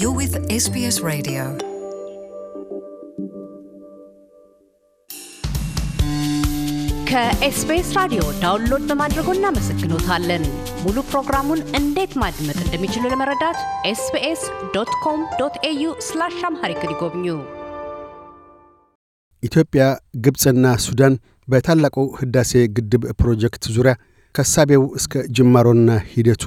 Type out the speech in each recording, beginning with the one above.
You're with SBS Radio. ከኤስቢኤስ ራዲዮ ዳውንሎድ በማድረጎ እናመሰግኖታለን። ሙሉ ፕሮግራሙን እንዴት ማድመጥ እንደሚችሉ ለመረዳት ኤስቢኤስ ዶት ኮም ዶት ኤዩ ስላሽ አምሃሪክ ይጎብኙ። ኢትዮጵያ፣ ግብፅና ሱዳን በታላቁ ህዳሴ ግድብ ፕሮጀክት ዙሪያ ከሳቤው እስከ ጅማሮና ሂደቱ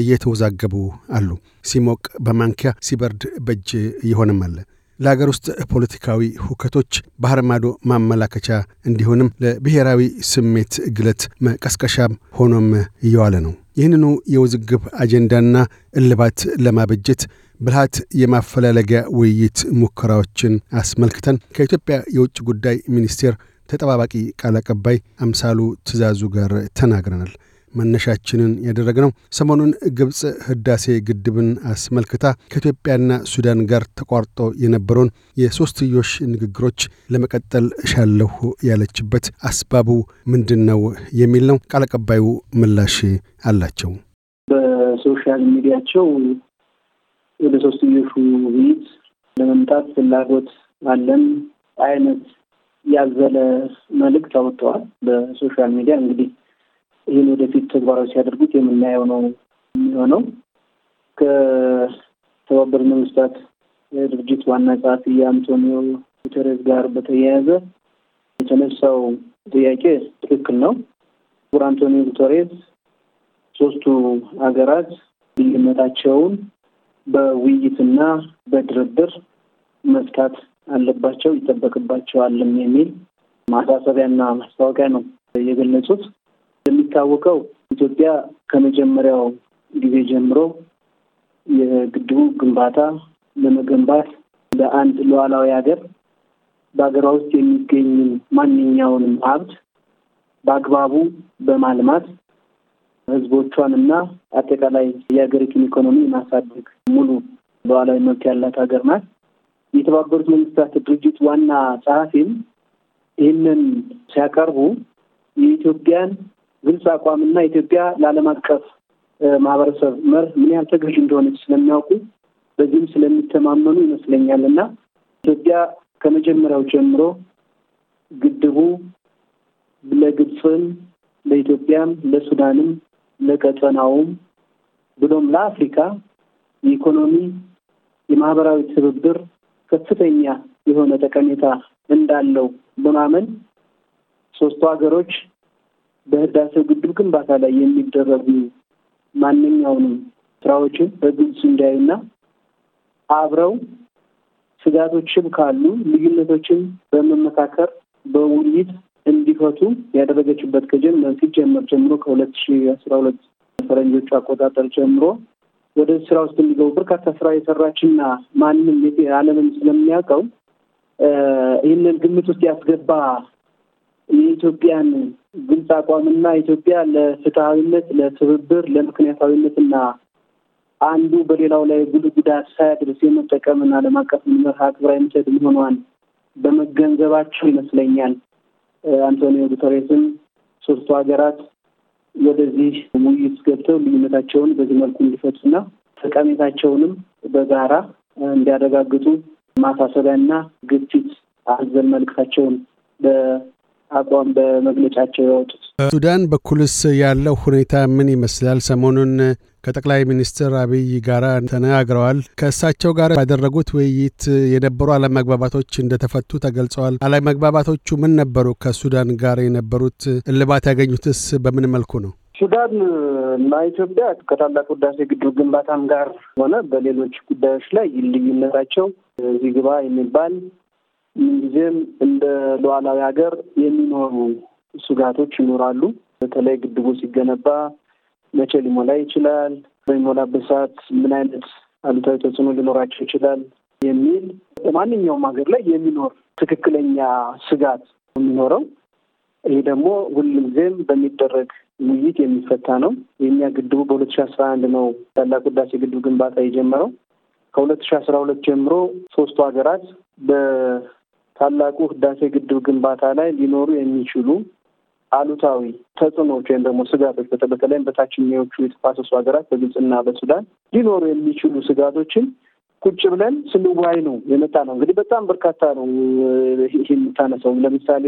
እየተወዛገቡ አሉ። ሲሞቅ በማንኪያ ሲበርድ በእጅ እየሆነም አለ። ለአገር ውስጥ ፖለቲካዊ ሁከቶች ባህር ማዶ ማመላከቻ እንዲሆንም ለብሔራዊ ስሜት ግለት መቀስቀሻም ሆኖም እየዋለ ነው። ይህንኑ የውዝግብ አጀንዳና እልባት ለማበጀት ብልሃት የማፈላለጊያ ውይይት ሙከራዎችን አስመልክተን ከኢትዮጵያ የውጭ ጉዳይ ሚኒስቴር ተጠባባቂ ቃል አቀባይ አምሳሉ ትእዛዙ ጋር ተናግረናል። መነሻችንን ያደረግነው ሰሞኑን ግብፅ ህዳሴ ግድብን አስመልክታ ከኢትዮጵያና ሱዳን ጋር ተቋርጦ የነበረውን የሶስትዮሽ ንግግሮች ለመቀጠል እሻለሁ ያለችበት አስባቡ ምንድን ነው የሚል ነው። ቃል አቀባዩ ምላሽ አላቸው። በሶሻል ሚዲያቸው ወደ ሶስትዮሹ ውይይት ለመምጣት ፍላጎት አለን አይነት ያዘለ መልእክት አውጥተዋል በሶሻል ሚዲያ። እንግዲህ ይህን ወደፊት ተግባራዊ ሲያደርጉት የምናየው ነው የሚሆነው። ከተባበሩት መንግስታት ድርጅት ዋና ጸሐፊ የአንቶኒዮ ጉተሬስ ጋር በተያያዘ የተነሳው ጥያቄ ትክክል ነው። ቡር አንቶኒዮ ጉተሬስ ሶስቱ ሀገራት ልዩነታቸውን በውይይትና በድርድር መፍታት አለባቸው ይጠበቅባቸዋልም የሚል ማሳሰቢያና ማስታወቂያ ነው የገለጹት። እንደሚታወቀው ኢትዮጵያ ከመጀመሪያው ጊዜ ጀምሮ የግድቡ ግንባታ ለመገንባት ለአንድ ሉዓላዊ ሀገር በሀገሯ ውስጥ የሚገኝ ማንኛውንም ሀብት በአግባቡ በማልማት ህዝቦቿን እና አጠቃላይ የሀገሪቱን ኢኮኖሚ ማሳደግ ሙሉ ሉዓላዊ መብት ያላት ሀገር ናት። የተባበሩት መንግስታት ድርጅት ዋና ጸሐፊም ይህንን ሲያቀርቡ የኢትዮጵያን ግልጽ አቋምና ኢትዮጵያ ለዓለም አቀፍ ማህበረሰብ መርህ ምን ያህል ተገዥ እንደሆነች ስለሚያውቁ በዚህም ስለሚተማመኑ ይመስለኛል እና ኢትዮጵያ ከመጀመሪያው ጀምሮ ግድቡ ለግብፅም፣ ለኢትዮጵያም፣ ለሱዳንም፣ ለቀጠናውም ብሎም ለአፍሪካ የኢኮኖሚ የማህበራዊ ትብብር ከፍተኛ የሆነ ጠቀሜታ እንዳለው በማመን ሶስቱ ሀገሮች በህዳሴው ግድብ ግንባታ ላይ የሚደረጉ ማንኛውንም ስራዎችን በግልጽ እንዲያዩና አብረው ስጋቶችም ካሉ ልዩነቶችን በመመካከር በውይይት እንዲፈቱ ያደረገችበት ከጀመር ሲጀመር ጀምሮ ከሁለት ሺ አስራ ሁለት ፈረንጆቹ አቆጣጠር ጀምሮ ወደ ስራ ውስጥ የሚገቡ በርካታ ስራ የሰራችና ማንም ዓለምን ስለሚያውቀው ይህንን ግምት ውስጥ ያስገባ የኢትዮጵያን ግልጽ አቋምና ኢትዮጵያ ለፍትሐዊነት፣ ለትብብር፣ ለምክንያታዊነትና አንዱ በሌላው ላይ ጉል ጉዳት ሳያደርስ የመጠቀምና ዓለም አቀፍ መርህ አክብራ የምትሄድ መሆኗን በመገንዘባቸው ይመስለኛል አንቶኒዮ ጉተሬስም ሶስቱ ሀገራት ወደዚህ ውይይት ገብተው ልዩነታቸውን በዚህ መልኩ እንዲፈቱና ጠቀሜታቸውንም በጋራ እንዲያረጋግጡ ማሳሰቢያና ግፊት አዘል መልእክታቸውን አቋም በመግለጫቸው ያወጡት። በሱዳን በኩልስ ያለው ሁኔታ ምን ይመስላል? ሰሞኑን ከጠቅላይ ሚኒስትር አብይ ጋር ተነጋግረዋል። ከእሳቸው ጋር ባደረጉት ውይይት የነበሩ አለመግባባቶች እንደተፈቱ ተገልጸዋል። አለመግባባቶቹ ምን ነበሩ? ከሱዳን ጋር የነበሩት እልባት ያገኙትስ በምን መልኩ ነው? ሱዳን እና ኢትዮጵያ ከታላቁ ህዳሴ ግድብ ግንባታም ጋር ሆነ በሌሎች ጉዳዮች ላይ ልዩነታቸው እዚህ ግባ የሚባል ምንጊዜም እንደ ሉዓላዊ ሀገር የሚኖሩ ስጋቶች ይኖራሉ። በተለይ ግድቡ ሲገነባ መቼ ሊሞላ ይችላል፣ በሚሞላበት ሰዓት ምን አይነት አሉታዊ ተጽዕኖ ሊኖራቸው ይችላል የሚል በማንኛውም ሀገር ላይ የሚኖር ትክክለኛ ስጋት የሚኖረው ይሄ ደግሞ ሁሉም ጊዜም በሚደረግ ውይይት የሚፈታ ነው። የእኛ ግድቡ በሁለት ሺ አስራ አንድ ነው ታላቁ ህዳሴ ግድብ ግንባታ የጀመረው። ከሁለት ሺ አስራ ሁለት ጀምሮ ሶስቱ ሀገራት በታላቁ ህዳሴ ግድብ ግንባታ ላይ ሊኖሩ የሚችሉ አሉታዊ ተጽዕኖዎች ወይም ደግሞ ስጋቶች በተለይም በታችኛዎቹ የተፋሰሱ ሀገራት በግብፅና በሱዳን ሊኖሩ የሚችሉ ስጋቶችን ቁጭ ብለን ስንዋይ ነው የመጣ ነው። እንግዲህ በጣም በርካታ ነው ይህ የምታነሳው። ለምሳሌ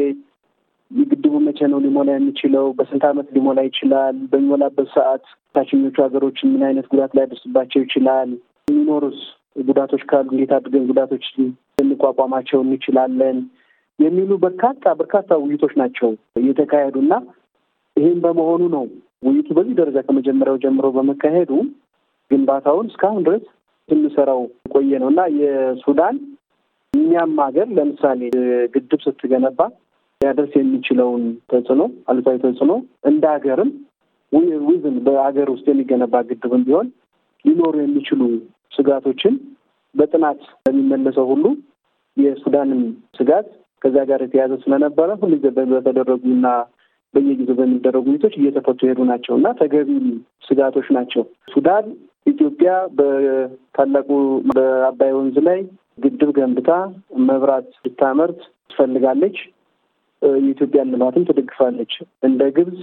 ግድቡ መቼ ነው ሊሞላ የሚችለው? በስንት ዓመት ሊሞላ ይችላል? በሚሞላበት ሰዓት ታችኞቹ ሀገሮች ምን አይነት ጉዳት ሊያደርስባቸው ይችላል? የሚኖሩት ጉዳቶች ካሉ እንዴት አድርገን ጉዳቶች ልንቋቋማቸው እንችላለን? የሚሉ በርካታ በርካታ ውይይቶች ናቸው እየተካሄዱ እና ይህም በመሆኑ ነው ውይይቱ በዚህ ደረጃ ከመጀመሪያው ጀምሮ በመካሄዱ ግንባታውን እስካሁን ድረስ ስንሰራው ቆየ ነው እና የሱዳን እኛም ሀገር ለምሳሌ ግድብ ስትገነባ ሊያደርስ የሚችለውን ተጽዕኖ አሉታዊ ተጽዕኖ እንደ ሀገርም ዊዝን በሀገር ውስጥ የሚገነባ ግድብም ቢሆን ሊኖሩ የሚችሉ ስጋቶችን በጥናት ለሚመለሰው ሁሉ የሱዳንን ስጋት ከዛ ጋር የተያዘ ስለነበረ ሁልጊዜ በተደረጉና በየጊዜው በሚደረጉ ውይይቶች እየተፈቱ የሄዱ ናቸው እና ተገቢ ስጋቶች ናቸው። ሱዳን ኢትዮጵያ በታላቁ በአባይ ወንዝ ላይ ግድብ ገንብታ መብራት ልታመርት ትፈልጋለች። የኢትዮጵያን ልማትም ትደግፋለች። እንደ ግብጽ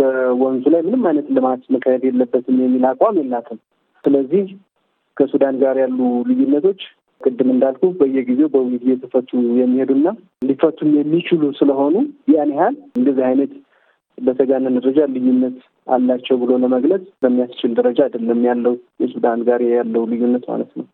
በወንዙ ላይ ምንም አይነት ልማት መካሄድ የለበትም የሚል አቋም የላትም። ስለዚህ ከሱዳን ጋር ያሉ ልዩነቶች ቅድም እንዳልኩ በየጊዜው በውይይት እየተፈቱ የሚሄዱና ሊፈቱም የሚችሉ ስለሆኑ ያን ያህል እንደዚህ አይነት በተጋነነ ደረጃ ልዩነት አላቸው ብሎ ለመግለጽ በሚያስችል ደረጃ አይደለም ያለው የሱዳን ጋር ያለው ልዩነት ማለት ነው።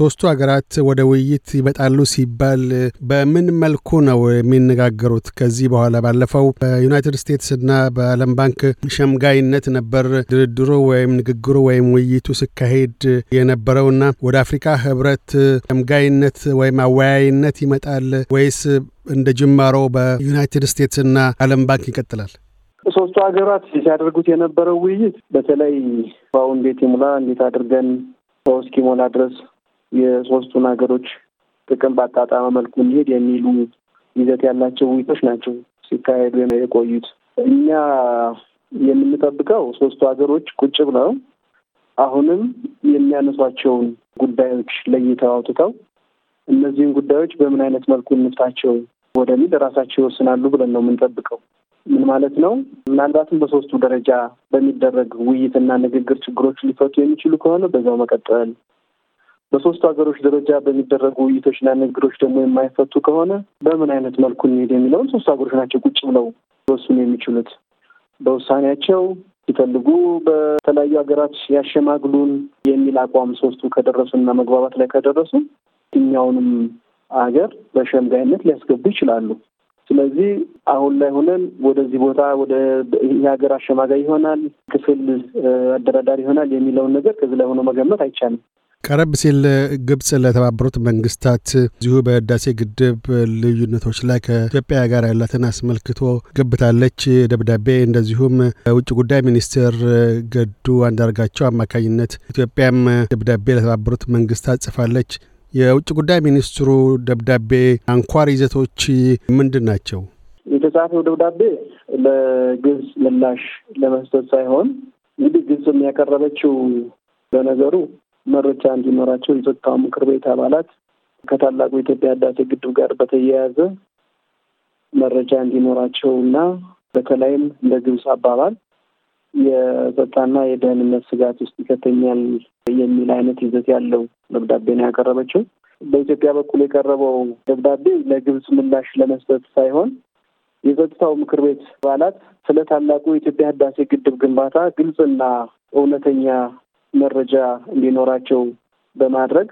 ሶስቱ ሀገራት ወደ ውይይት ይመጣሉ ሲባል በምን መልኩ ነው የሚነጋገሩት? ከዚህ በኋላ ባለፈው በዩናይትድ ስቴትስ እና በዓለም ባንክ ሸምጋይነት ነበር ድርድሩ ወይም ንግግሩ ወይም ውይይቱ ሲካሄድ ና ወደ አፍሪካ ህብረት ሸምጋይነት ወይም አወያይነት ይመጣል ወይስ እንደ ጅማሮ በዩናይትድ ስቴትስ እና ዓለም ባንክ ይቀጥላል? ሶስቱ ሀገራት ሲያደርጉት የነበረው ውይይት በተለይ በአሁን ቤት ይሙላ እንዴት አድርገን እስኪሞላ ድረስ የሶስቱን ሀገሮች ጥቅም በአጣጣመ መልኩ እንሄድ የሚሉ ይዘት ያላቸው ውይይቶች ናቸው ሲካሄዱ የቆዩት። እኛ የምንጠብቀው ሶስቱ ሀገሮች ቁጭ ብለው አሁንም የሚያነሷቸውን ጉዳዮች ለይተው አውጥተው እነዚህን ጉዳዮች በምን አይነት መልኩ እንፍታቸው ወደሚል ራሳቸው ይወስናሉ ብለን ነው የምንጠብቀው። ምን ማለት ነው? ምናልባትም በሶስቱ ደረጃ በሚደረግ ውይይትና ንግግር ችግሮች ሊፈቱ የሚችሉ ከሆነ በዛው መቀጠል በሶስቱ ሀገሮች ደረጃ በሚደረጉ ውይይቶችና ንግግሮች ደግሞ የማይፈቱ ከሆነ በምን አይነት መልኩ እንሄድ የሚለውን ሶስቱ ሀገሮች ናቸው ቁጭ ብለው ሊወስኑ የሚችሉት። በውሳኔያቸው ሲፈልጉ በተለያዩ ሀገራት ያሸማግሉን የሚል አቋም ሶስቱ ከደረሱ እና መግባባት ላይ ከደረሱ የትኛውንም ሀገር በሸምጋይነት ሊያስገቡ ይችላሉ። ስለዚህ አሁን ላይ ሆነን ወደዚህ ቦታ ወደ የሀገር አሸማጋይ ይሆናል፣ ክፍል አደራዳሪ ይሆናል የሚለውን ነገር ከዚህ ላይ ሆኖ መገመት አይቻልም። ቀረብ ሲል ግብጽ ለተባበሩት መንግስታት እዚሁ በህዳሴ ግድብ ልዩነቶች ላይ ከኢትዮጵያ ጋር ያላትን አስመልክቶ ገብታለች ደብዳቤ። እንደዚሁም ውጭ ጉዳይ ሚኒስትር ገዱ አንዳርጋቸው አማካኝነት ኢትዮጵያም ደብዳቤ ለተባበሩት መንግስታት ጽፋለች። የውጭ ጉዳይ ሚኒስትሩ ደብዳቤ አንኳር ይዘቶች ምንድን ናቸው? የተጻፈው ደብዳቤ ለግብጽ ምላሽ ለመስጠት ሳይሆን እንግዲህ ግብጽ የሚያቀረበችው በነገሩ መረጃ እንዲኖራቸው የጸጥታው ምክር ቤት አባላት ከታላቁ የኢትዮጵያ ህዳሴ ግድብ ጋር በተያያዘ መረጃ እንዲኖራቸው እና በተለይም እንደ ግብጽ አባባል የጸጥታና የደህንነት ስጋት ውስጥ ይከተኛል የሚል አይነት ይዘት ያለው ደብዳቤ ነው ያቀረበችው። በኢትዮጵያ በኩል የቀረበው ደብዳቤ ለግብፅ ምላሽ ለመስጠት ሳይሆን የጸጥታው ምክር ቤት አባላት ስለ ታላቁ የኢትዮጵያ ህዳሴ ግድብ ግንባታ ግልጽና እውነተኛ መረጃ እንዲኖራቸው በማድረግ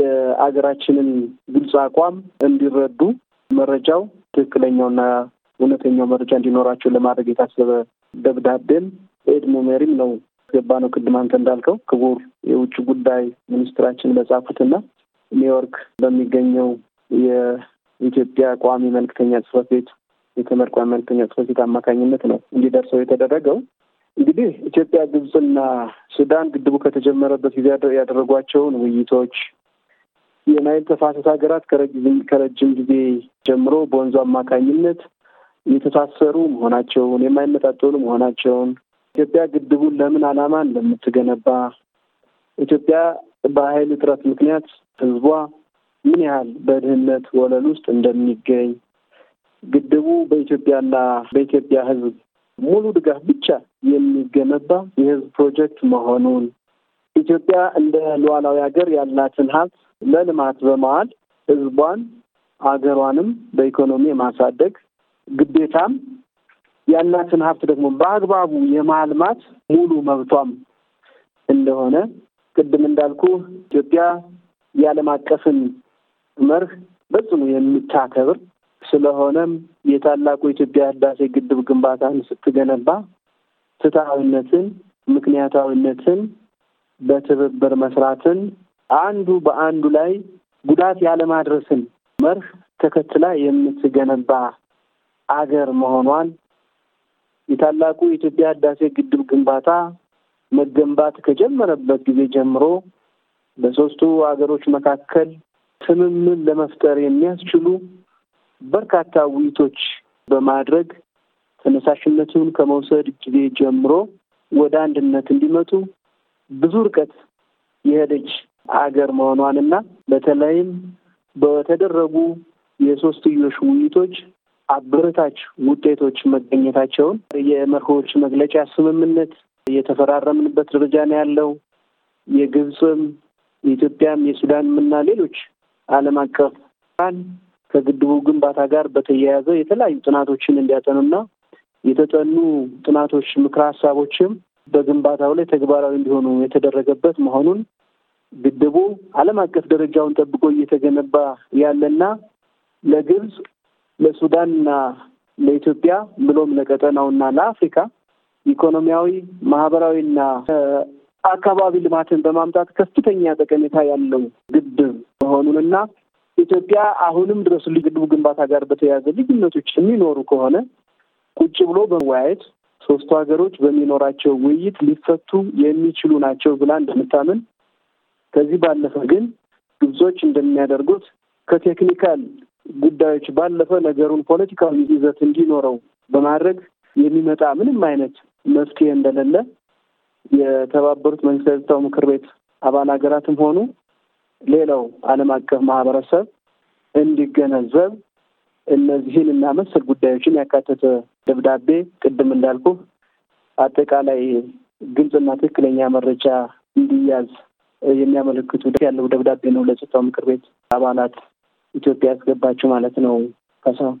የአገራችንን ግልጽ አቋም እንዲረዱ መረጃው ትክክለኛውና እውነተኛው መረጃ እንዲኖራቸው ለማድረግ የታሰበ ደብዳቤም ኤድሞ ሜሪም ነው ገባ ነው። ቅድም አንተ እንዳልከው ክቡር የውጭ ጉዳይ ሚኒስትራችን በጻፉትና ኒውዮርክ በሚገኘው የኢትዮጵያ ቋሚ መልክተኛ ጽሕፈት ቤት የተመድ ቋሚ መልክተኛ ጽሕፈት ቤት አማካኝነት ነው እንዲደርሰው የተደረገው። እንግዲህ ኢትዮጵያ፣ ግብፅና ሱዳን ግድቡ ከተጀመረበት ጊዜ ያደረጓቸውን ውይይቶች የናይል ተፋሰስ ሀገራት ከረጅም ጊዜ ጀምሮ በወንዙ አማካኝነት የተሳሰሩ መሆናቸውን የማይመጣጠሉ መሆናቸውን ኢትዮጵያ ግድቡን ለምን ዓላማ እንደምትገነባ ኢትዮጵያ በኃይል እጥረት ምክንያት ሕዝቧ ምን ያህል በድህነት ወለል ውስጥ እንደሚገኝ ግድቡ በኢትዮጵያና በኢትዮጵያ ሕዝብ ሙሉ ድጋፍ ብቻ የሚገነባ የህዝብ ፕሮጀክት መሆኑን ኢትዮጵያ እንደ ሉዓላዊ ሀገር ያላትን ሀብት ለልማት በመዋል ህዝቧን አገሯንም በኢኮኖሚ የማሳደግ ግዴታም ያላትን ሀብት ደግሞ በአግባቡ የማልማት ሙሉ መብቷም እንደሆነ ቅድም እንዳልኩ ኢትዮጵያ የዓለም አቀፍን መርህ በጽኑ የምታከብር ስለሆነም የታላቁ የኢትዮጵያ ህዳሴ ግድብ ግንባታን ስትገነባ ፍትሐዊነትን፣ ምክንያታዊነትን፣ በትብብር መስራትን፣ አንዱ በአንዱ ላይ ጉዳት ያለማድረስን መርህ ተከትላ የምትገነባ አገር መሆኗን የታላቁ የኢትዮጵያ ህዳሴ ግድብ ግንባታ መገንባት ከጀመረበት ጊዜ ጀምሮ በሶስቱ አገሮች መካከል ትምምን ለመፍጠር የሚያስችሉ በርካታ ውይይቶች በማድረግ ተነሳሽነቱን ከመውሰድ ጊዜ ጀምሮ ወደ አንድነት እንዲመጡ ብዙ ርቀት የሄደች አገር መሆኗንና በተለይም በተደረጉ የሶስትዮሽ ውይይቶች አበረታች ውጤቶች መገኘታቸውን የመርሆች መግለጫ ስምምነት የተፈራረምንበት ደረጃ ነው ያለው። የግብፅም የኢትዮጵያም የሱዳንም እና ሌሎች ዓለም አቀፍ ከግድቡ ግንባታ ጋር በተያያዘ የተለያዩ ጥናቶችን እንዲያጠኑና የተጠኑ ጥናቶች፣ ምክረ ሀሳቦችም በግንባታው ላይ ተግባራዊ እንዲሆኑ የተደረገበት መሆኑን ግድቡ ዓለም አቀፍ ደረጃውን ጠብቆ እየተገነባ ያለና ለግብፅ ለሱዳንና ለኢትዮጵያ ብሎም ለቀጠናውና ለአፍሪካ ኢኮኖሚያዊ ማህበራዊና አካባቢ ልማትን በማምጣት ከፍተኛ ጠቀሜታ ያለው ግድብ መሆኑንና ኢትዮጵያ አሁንም ድረስ ግድቡ ግንባታ ጋር በተያያዘ ልዩነቶች የሚኖሩ ከሆነ ቁጭ ብሎ በመወያየት ሶስቱ ሀገሮች በሚኖራቸው ውይይት ሊፈቱ የሚችሉ ናቸው ብላ እንደምታምን ከዚህ ባለፈ ግን ግብጾች እንደሚያደርጉት ከቴክኒካል ጉዳዮች ባለፈ ነገሩን ፖለቲካዊ ይዘት እንዲኖረው በማድረግ የሚመጣ ምንም አይነት መፍትሄ እንደሌለ የተባበሩት መንግስታት የጸጥታው ምክር ቤት አባል ሀገራትም ሆኑ ሌላው ዓለም አቀፍ ማህበረሰብ እንዲገነዘብ እነዚህን እና መሰል ጉዳዮችን ያካተተ ደብዳቤ ቅድም እንዳልኩ አጠቃላይ ግልጽና ትክክለኛ መረጃ እንዲያዝ የሚያመለክቱ ያለው ደብዳቤ ነው ለጸጥታው ምክር ቤት አባላት ኢትዮጵያ ያስገባችው ማለት ነው። ከሰው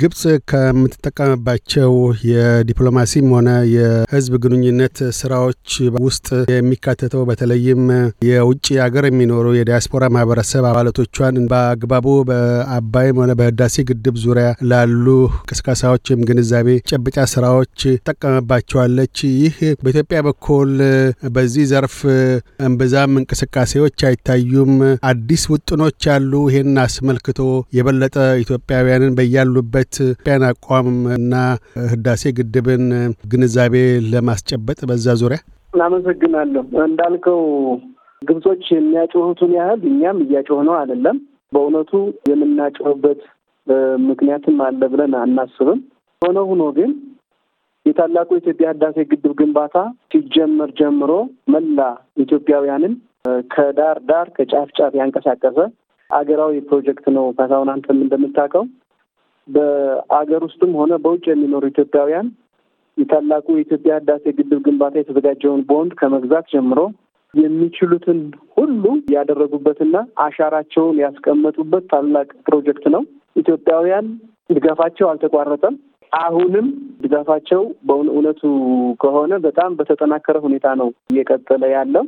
ግብጽ ከምትጠቀምባቸው የዲፕሎማሲም ሆነ የህዝብ ግንኙነት ስራዎች ውስጥ የሚካተተው በተለይም የውጭ ሀገር የሚኖሩ የዲያስፖራ ማህበረሰብ አባላቶቿን በአግባቡ በአባይም ሆነ በህዳሴ ግድብ ዙሪያ ላሉ እንቅስቃሴዎች ወይም ግንዛቤ ጨብጫ ስራዎች ትጠቀምባቸዋለች። ይህ በኢትዮጵያ በኩል በዚህ ዘርፍ እምብዛም እንቅስቃሴዎች አይታዩም። አዲስ ውጥኖች አሉ። ይህን አስመልክቶ የበለጠ ኢትዮጵያውያንን በያሉበት የኢትዮጵያን አቋም እና ህዳሴ ግድብን ግንዛቤ ለማስጨበጥ በዛ ዙሪያ እናመሰግናለሁ እንዳልከው ግብጾች የሚያጮሁትን ያህል እኛም እያጮህ ነው አይደለም። በእውነቱ የምናጮህበት ምክንያትም አለ ብለን አናስብም። ሆነ ሁኖ ግን የታላቁ የኢትዮጵያ ህዳሴ ግድብ ግንባታ ሲጀመር ጀምሮ መላ ኢትዮጵያውያንን ከዳር ዳር ከጫፍ ጫፍ ያንቀሳቀሰ አገራዊ ፕሮጀክት ነው። ካሳሁን አንተም እንደምታውቀው በአገር ውስጥም ሆነ በውጭ የሚኖሩ ኢትዮጵያውያን የታላቁ የኢትዮጵያ ህዳሴ ግድብ ግንባታ የተዘጋጀውን ቦንድ ከመግዛት ጀምሮ የሚችሉትን ሁሉ ያደረጉበትና አሻራቸውን ያስቀመጡበት ታላቅ ፕሮጀክት ነው። ኢትዮጵያውያን ድጋፋቸው አልተቋረጠም። አሁንም ድጋፋቸው በእውነቱ ከሆነ በጣም በተጠናከረ ሁኔታ ነው እየቀጠለ ያለው።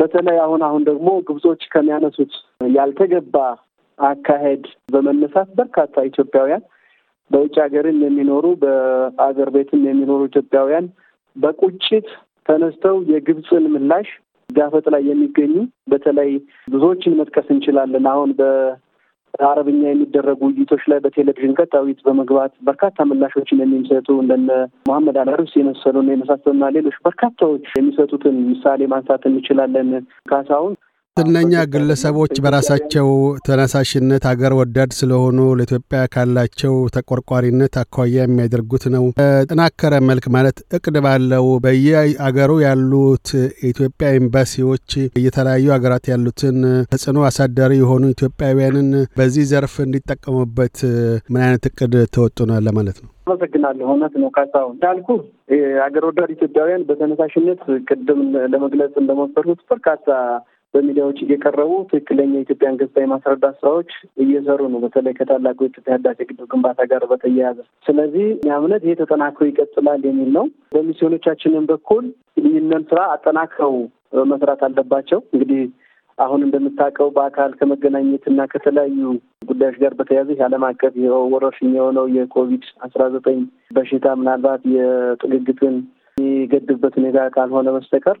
በተለይ አሁን አሁን ደግሞ ግብጾች ከሚያነሱት ያልተገባ አካሄድ በመነሳት በርካታ ኢትዮጵያውያን በውጭ ሀገርም የሚኖሩ በአገር ቤትም የሚኖሩ ኢትዮጵያውያን በቁጭት ተነስተው የግብፅን ምላሽ ጋፈጥ ላይ የሚገኙ በተለይ ብዙዎችን መጥቀስ እንችላለን። አሁን በአረብኛ የሚደረጉ ውይይቶች ላይ በቴሌቪዥን ቀጣዊት በመግባት በርካታ ምላሾችን የሚሰጡ እንደነ መሐመድ አልዕርስ የመሰሉና የመሳሰሉና ሌሎች በርካታዎች የሚሰጡትን ምሳሌ ማንሳት እንችላለን። ካሳሁን እነኛ ግለሰቦች በራሳቸው ተነሳሽነት አገር ወዳድ ስለሆኑ ለኢትዮጵያ ካላቸው ተቆርቋሪነት አኳያ የሚያደርጉት ነው። በጠናከረ መልክ ማለት እቅድ ባለው በየአገሩ ያሉት የኢትዮጵያ ኤምባሲዎች የተለያዩ ሀገራት ያሉትን ተጽዕኖ አሳዳሪ የሆኑ ኢትዮጵያውያንን በዚህ ዘርፍ እንዲጠቀሙበት ምን አይነት እቅድ ተወጡናል ለማለት ነው? አመሰግናለሁ። እውነት ነው ካሳሁን እንዳልኩ የአገር ወዳድ ኢትዮጵያውያን በተነሳሽነት ቅድም ለመግለጽ እንደሞከርኩት በርካታ በሚዲያዎች እየቀረቡ ትክክለኛ የኢትዮጵያን ገጽታ የማስረዳት ስራዎች እየሰሩ ነው። በተለይ ከታላቁ የኢትዮጵያ ህዳሴ ግድብ ግንባታ ጋር በተያያዘ ስለዚህ እኛ እምነት ይሄ ተጠናክሮ ይቀጥላል የሚል ነው። በሚስዮኖቻችንም በኩል ይህንን ስራ አጠናክረው መስራት አለባቸው። እንግዲህ አሁን እንደምታውቀው በአካል ከመገናኘት ከመገናኘትና ከተለያዩ ጉዳዮች ጋር በተያያዘ የዓለም አቀፍ ወረርሽኝ የሆነው የኮቪድ አስራ ዘጠኝ በሽታ ምናልባት የጥግግትን የሚገድብበት ሁኔታ ካልሆነ በስተቀር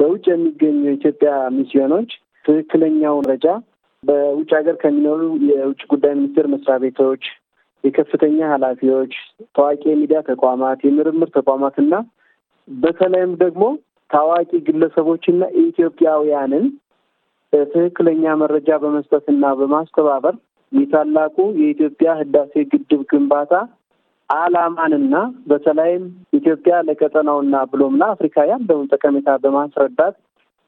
በውጭ የሚገኙ የኢትዮጵያ ሚስዮኖች ትክክለኛው መረጃ በውጭ ሀገር ከሚኖሩ የውጭ ጉዳይ ሚኒስቴር መስሪያ ቤቶች፣ የከፍተኛ ኃላፊዎች፣ ታዋቂ የሚዲያ ተቋማት፣ የምርምር ተቋማትና በተለይም ደግሞ ታዋቂ ግለሰቦችና ኢትዮጵያውያንን ትክክለኛ መረጃ በመስጠትና በማስተባበር የታላቁ የኢትዮጵያ ህዳሴ ግድብ ግንባታ አላማንና በተለይም ኢትዮጵያ ለቀጠናውና ብሎምና አፍሪካውያን በምን ጠቀሜታ በማስረዳት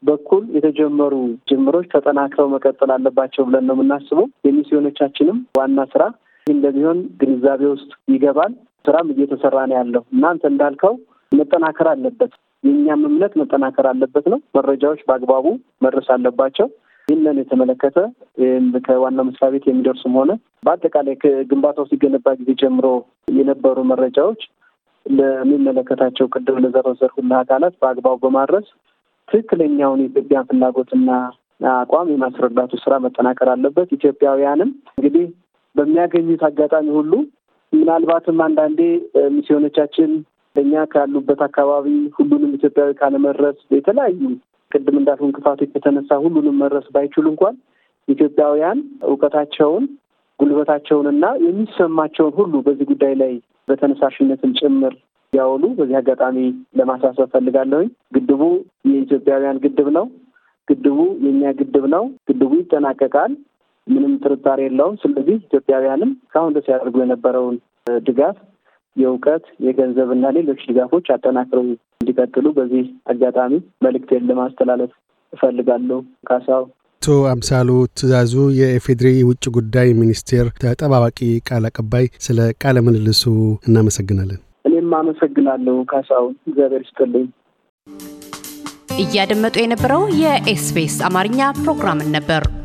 በኩል የተጀመሩ ጅምሮች ተጠናክረው መቀጠል አለባቸው ብለን ነው የምናስበው። የሚስዮኖቻችንም ዋና ስራ ይህ እንደሚሆን ግንዛቤ ውስጥ ይገባል። ስራም እየተሰራ ነው ያለው። እናንተ እንዳልከው መጠናከር አለበት፣ የእኛም እምነት መጠናከር አለበት ነው። መረጃዎች በአግባቡ መድረስ አለባቸው። ይህንን የተመለከተ ከዋናው መስሪያ ቤት የሚደርሱም ሆነ በአጠቃላይ ከግንባታው ሲገነባ ጊዜ ጀምሮ የነበሩ መረጃዎች ለሚመለከታቸው ቅድም ለዘረዘርኩና አካላት በአግባቡ በማድረስ ትክክለኛውን የኢትዮጵያን ፍላጎትና አቋም የማስረዳቱ ስራ መጠናከር አለበት። ኢትዮጵያውያንም እንግዲህ በሚያገኙት አጋጣሚ ሁሉ ምናልባትም አንዳንዴ ሚስዮኖቻችን እኛ ካሉበት አካባቢ ሁሉንም ኢትዮጵያዊ ካለመድረስ የተለያዩ ቅድም እንዳልኩ እንቅፋቶች የተነሳ ሁሉንም መድረስ ባይችሉ እንኳን ኢትዮጵያውያን እውቀታቸውን፣ ጉልበታቸውንና የሚሰማቸውን ሁሉ በዚህ ጉዳይ ላይ በተነሳሽነትን ጭምር ያውሉ በዚህ አጋጣሚ ለማሳሰብ ፈልጋለሁኝ። ግድቡ የኢትዮጵያውያን ግድብ ነው። ግድቡ የእኛ ግድብ ነው። ግድቡ ይጠናቀቃል። ምንም ጥርጣሬ የለውም። ስለዚህ ኢትዮጵያውያንም እስካሁን ድረስ ያደርጉ የነበረውን ድጋፍ የእውቀት የገንዘብና ሌሎች ድጋፎች አጠናክረው እንዲቀጥሉ በዚህ አጋጣሚ መልእክቴን ለማስተላለፍ እፈልጋለሁ። ካሳው አቶ አምሳሉ ትእዛዙ የኢፌዴሪ ውጭ ጉዳይ ሚኒስቴር ተጠባባቂ ቃል አቀባይ፣ ስለ ቃለ ምልልሱ እናመሰግናለን። እኔም አመሰግናለሁ ካሳው፣ እግዚአብሔር ይስጥልኝ። እያደመጡ የነበረው የኤስቢኤስ አማርኛ ፕሮግራምን ነበር።